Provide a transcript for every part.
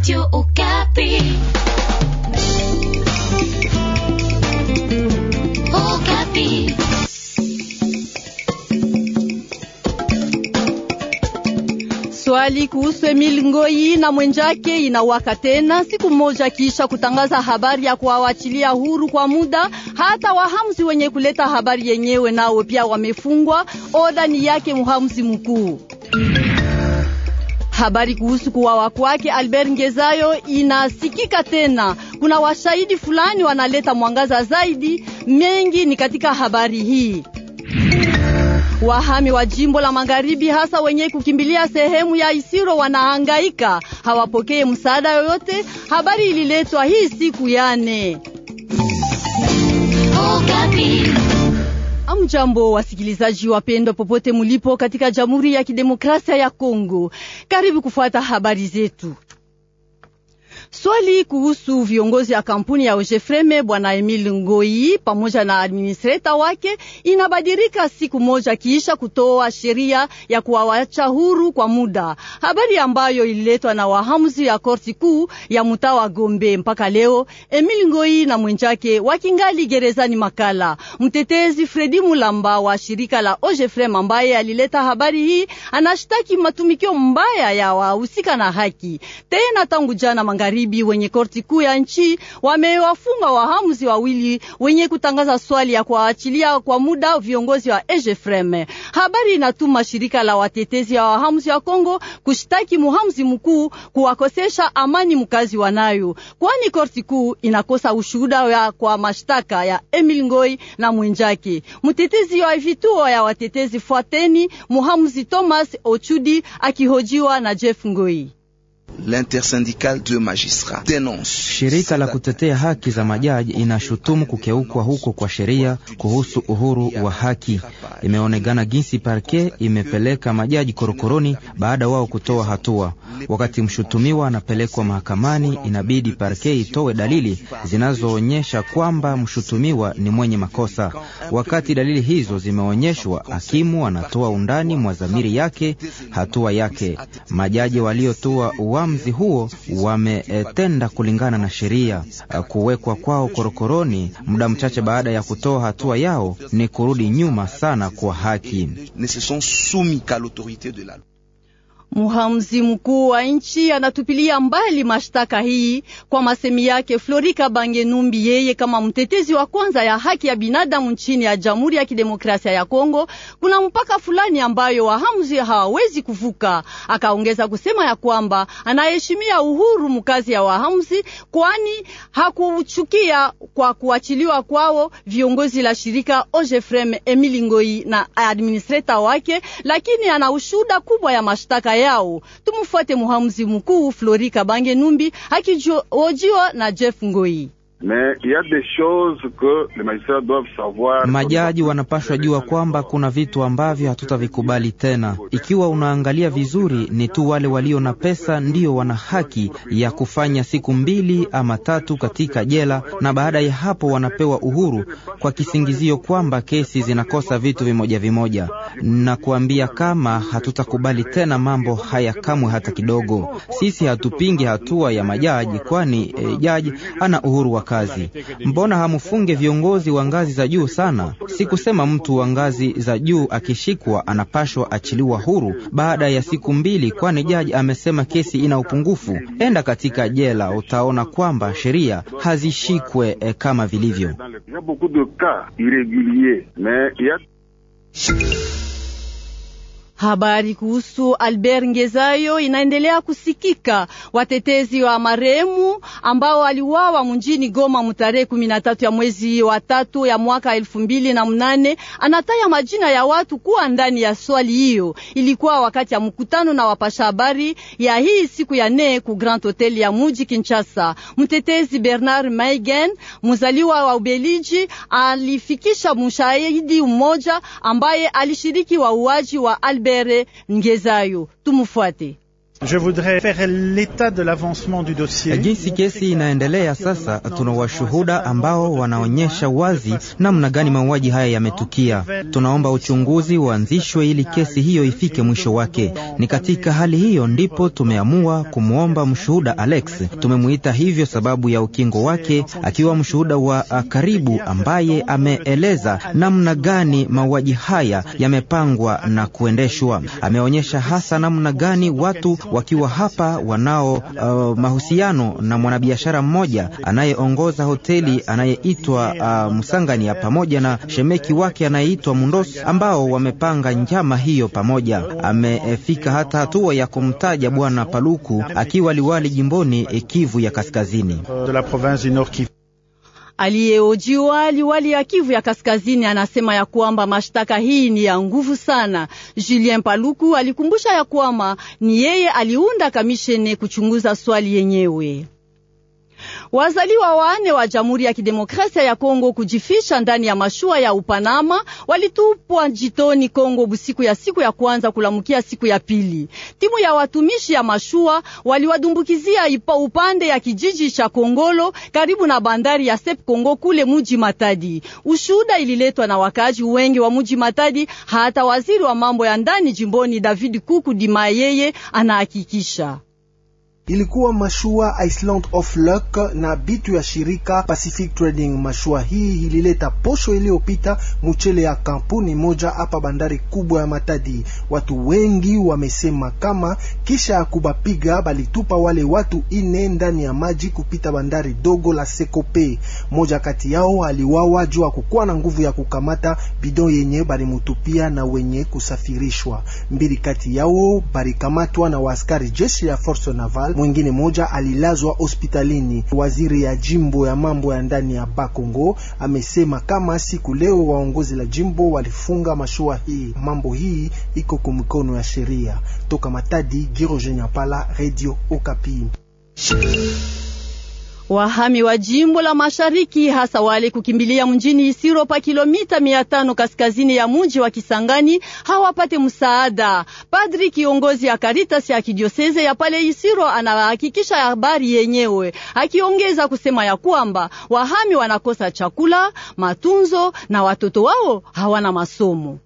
Radio Okapi. Okapi. Swali kuhusu Emil Ngoi na mwenjake inawaka tena siku moja kisha kutangaza habari ya kuwaachilia huru kwa muda. Hata wahamzi wenye kuleta habari yenyewe nao pia wamefungwa. Oda ni yake muhamzi mkuu. Habari kuhusu kuwawa kwake Albert Ngezayo inasikika tena. Kuna washahidi fulani wanaleta mwangaza zaidi. Mengi ni katika habari hii. Wahami wa jimbo la magharibi hasa wenye kukimbilia sehemu ya Isiro wanahangaika, hawapokee msaada yoyote. Habari ililetwa hii siku yane Hamjambo, wasikilizaji wapendwa, popote mulipo katika Jamhuri ya Kidemokrasia ya Kongo, karibu kufuata habari zetu. Swali kuhusu viongozi ya kampuni ya Ojefreme bwana Emil Ngoi pamoja na administrator wake inabadilika siku moja kiisha kutoa sheria ya kuwawacha huru kwa muda, habari ambayo ililetwa na wahamuzi ya korti kuu ya mtaa wa Gombe. Mpaka leo Emil Ngoi na mwenzake wakingali gerezani. Makala mtetezi Fredi Mulamba wa shirika la Ojefreme ambaye alileta habari hii anashtaki matumikio mbaya ya wahusika na haki tena tangu jana mangari magharibi wenye korti kuu ya nchi wamewafunga wahamuzi wawili wenye kutangaza swali ya kuwaachilia kwa muda viongozi wa EGFREM. Habari inatuma shirika la watetezi wa wahamuzi wa Kongo kushtaki muhamuzi mkuu kuwakosesha amani mkazi wanayo, kwani korti kuu inakosa ushuhuda ya kwa mashtaka ya Emil Ngoi na mwenjake mtetezi wa vituo ya watetezi. Fuateni muhamuzi Thomas Ochudi akihojiwa na Jeff Ngoi. Shirika la kutetea haki za majaji inashutumu kukeukwa huko kwa sheria kuhusu uhuru wa haki. Imeonekana jinsi parke imepeleka majaji korokoroni baada wao kutoa hatua. Wakati mshutumiwa anapelekwa mahakamani, inabidi parke itoe dalili zinazoonyesha kwamba mshutumiwa ni mwenye makosa. Wakati dalili hizo zimeonyeshwa, hakimu anatoa undani mwa dhamiri yake, hatua yake. Majaji waliotoa uamzi huo wametenda kulingana na sheria. Kuwekwa kwao korokoroni muda mchache baada ya kutoa hatua yao ni kurudi nyuma sana kwa haki. Muhamzi mkuu wa nchi anatupilia mbali mashtaka hii. Kwa masemi yake, Florika Bangenumbi, yeye kama mtetezi wa kwanza ya haki ya binadamu nchini ya Jamhuri ya Kidemokrasia ya Kongo, kuna mpaka fulani ambayo wahamzi hawawezi kuvuka. Akaongeza kusema ya kwamba anaheshimia uhuru mkazi ya wahamzi, kwani hakuchukia kwa kuachiliwa kwao viongozi la shirika Ojefrem Emilingoi na administrator wake, lakini ana ushuda kubwa ya mashtaka yao. Tumufuate muhamuzi mkuu Flori Kabange Numbi akijojiwa na Jeff Ngoi. Majaji wanapaswa jua kwamba kuna vitu ambavyo hatutavikubali tena. Ikiwa unaangalia vizuri, ni tu wale walio na pesa ndio wana haki ya kufanya siku mbili ama tatu katika jela, na baada ya hapo wanapewa uhuru kwa kisingizio kwamba kesi zinakosa vitu vimoja vimoja. Na kuambia kama hatutakubali tena mambo haya kamwe hata kidogo. Sisi hatupingi hatua ya majaji, kwani eh, jaji ana uhuru wa kazi. Mbona hamfunge viongozi wa ngazi za juu sana? Sikusema mtu wa ngazi za juu akishikwa anapashwa achiliwa huru baada ya siku mbili, kwani jaji amesema kesi ina upungufu. Enda katika jela, utaona kwamba sheria hazishikwe e, kama vilivyo. Habari kuhusu Albert Ngezayo inaendelea kusikika. Watetezi wa marehemu ambao aliwawa mjini Goma mtarehe 13 ya mwezi wa tatu ya mwaka elfu mbili na mnane anataya majina ya watu kuwa ndani ya swali hiyo. Ilikuwa wakati ya mkutano na wapasha habari ya hii siku ya nne ku Grand Hotel ya muji Kinshasa. Mtetezi Bernard Maigen mzaliwa wa Ubeliji alifikisha mshahidi mmoja ambaye alishiriki wauaji wa Albert Norbert Ngezayo. Tumufuate. Je voudrais faire l'état de l'avancement du dossier. Jinsi kesi inaendelea sasa, tuna washuhuda ambao wanaonyesha wazi namna gani mauaji haya yametukia. Tunaomba uchunguzi uanzishwe ili kesi hiyo ifike mwisho wake. Ni katika hali hiyo ndipo tumeamua kumwomba mshuhuda Alex, tumemwita hivyo sababu ya ukingo wake, akiwa mshuhuda wa karibu ambaye ameeleza namna gani mauaji haya yamepangwa na kuendeshwa. Ameonyesha hasa namna gani watu wakiwa hapa wanao uh, mahusiano na mwanabiashara mmoja anayeongoza hoteli anayeitwa uh, Msangania pamoja na shemeki wake anayeitwa Mundos ambao wamepanga njama hiyo pamoja. Amefika hata hatua ya kumtaja Bwana Paluku akiwa liwali jimboni eh, Kivu ya Kaskazini. Aliyeojiwa liwali ya Kivu ya Kaskazini anasema ya kwamba mashtaka hii ni ya nguvu sana. Julien Paluku alikumbusha ya kwamba ni yeye aliunda kamishene kuchunguza swali yenyewe. Wazaliwa wane wa Jamhuri ya Kidemokrasia ya Kongo kujifisha ndani ya mashua ya Upanama walitupwa jitoni Kongo busiku ya siku ya kwanza kulamukia siku ya pili. Timu ya watumishi ya mashua waliwadumbukizia ipa upande ya kijiji cha Kongolo karibu na bandari ya Sep Kongo kule muji Matadi. Ushuda ililetwa na wakaji wengi wa muji Matadi, hata waziri wa mambo ya ndani jimboni David Kuku Dimayeye anahakikisha ilikuwa mashua Iceland of Luck na bitu ya shirika Pacific Trading. Mashua hii ilileta posho iliyopita mchele ya kampuni moja hapa bandari kubwa ya Matadi. Watu wengi wamesema kama kisha ya kubapiga balitupa wale watu ine ndani ya maji kupita bandari dogo la Sekope. Moja kati yao aliwawa juu ya kukuwa na nguvu ya kukamata bidon yenye balimutupia na wenye kusafirishwa. Mbili kati yao barikamatwa na waaskari jeshi ya Force Naval mwingine moja alilazwa hospitalini. Waziri ya jimbo ya mambo ya ndani ya Bakongo amesema kama siku leo waongozi la jimbo walifunga mashua hii. Mambo hii iko kwa mikono ya sheria. Toka Matadi, Girogenya Pala, Radio Okapi. Wahami wa jimbo la mashariki hasa wale kukimbilia mjini Isiro pa kilomita mia tano kaskazini ya mji wa Kisangani hawapate msaada. Padri kiongozi ya Karitas ya kidioseze ya pale Isiro anahakikisha habari yenyewe, akiongeza kusema ya kwamba wahami wanakosa chakula, matunzo na watoto wao hawana masomo.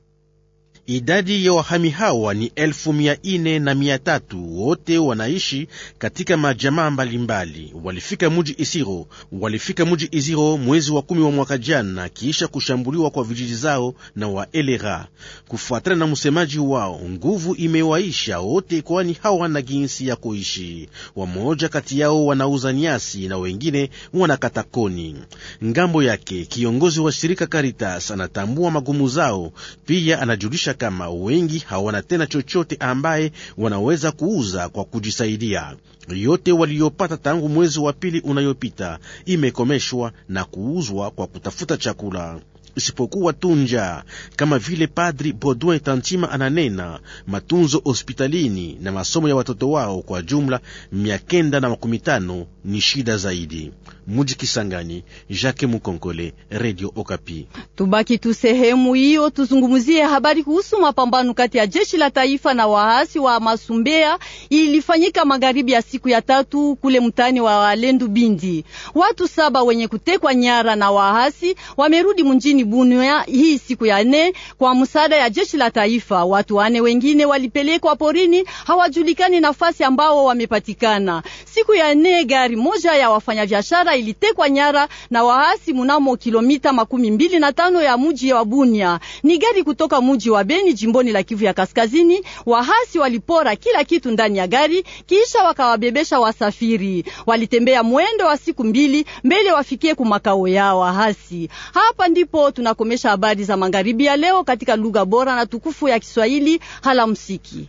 Idadi ya wahami hawa ni elfu mia ine na mia tatu. Wote wanaishi katika majamaa mbalimbali. Walifika muji Isiro, walifika muji Isiro mwezi wa kumi wa mwaka jana, kiisha kushambuliwa kwa vijiji zao na waelera Kufuatana na msemaji wao, nguvu imewaisha wote, kwani hawana jinsi ya kuishi. Wamoja kati yao wanauza nyasi na wengine wanakata koni. Ngambo yake, kiongozi wa shirika Karitas anatambua magumu zao, pia anajulisha kama wengi hawana tena chochote ambaye wanaweza kuuza kwa kujisaidia. Yote waliyopata tangu mwezi wa pili unayopita imekomeshwa na kuuzwa kwa kutafuta chakula isipokuwa tunja, kama vile Padri bodwin Tantima ananena, matunzo hospitalini na masomo ya watoto wao kwa jumla mia kenda na makumi tano ni shida zaidi. Muji Kisangani, Jacques Mukonkole, Radio Okapi. Tubaki tu sehemu hiyo, tuzungumzie habari kuhusu mapambano kati ya jeshi la taifa na waasi wa Masumbea ilifanyika magharibi ya siku ya tatu kule mtani wa Walendu Bindi. Watu saba wenye kutekwa nyara na waasi wamerudi mjini Bunia hii siku ya nne kwa msaada ya jeshi la taifa. Watu wane wengine walipelekwa porini, hawajulikani nafasi ambao wamepatikana siku ya nne gari moja ya wafanyabiashara ilitekwa nyara na waasi munamo kilomita makumi mbili na tano ya muji wa Bunia. Ni gari kutoka muji wa Beni jimboni la Kivu ya Kaskazini. Waasi walipora kila kitu ndani ya gari, kisha wakawabebesha wasafiri. Walitembea mwendo wa siku mbili mbele wafikie kumakao yao waasi. Hapa ndipo tunakomesha habari za magharibi ya leo katika lugha bora na tukufu ya Kiswahili. Hala msiki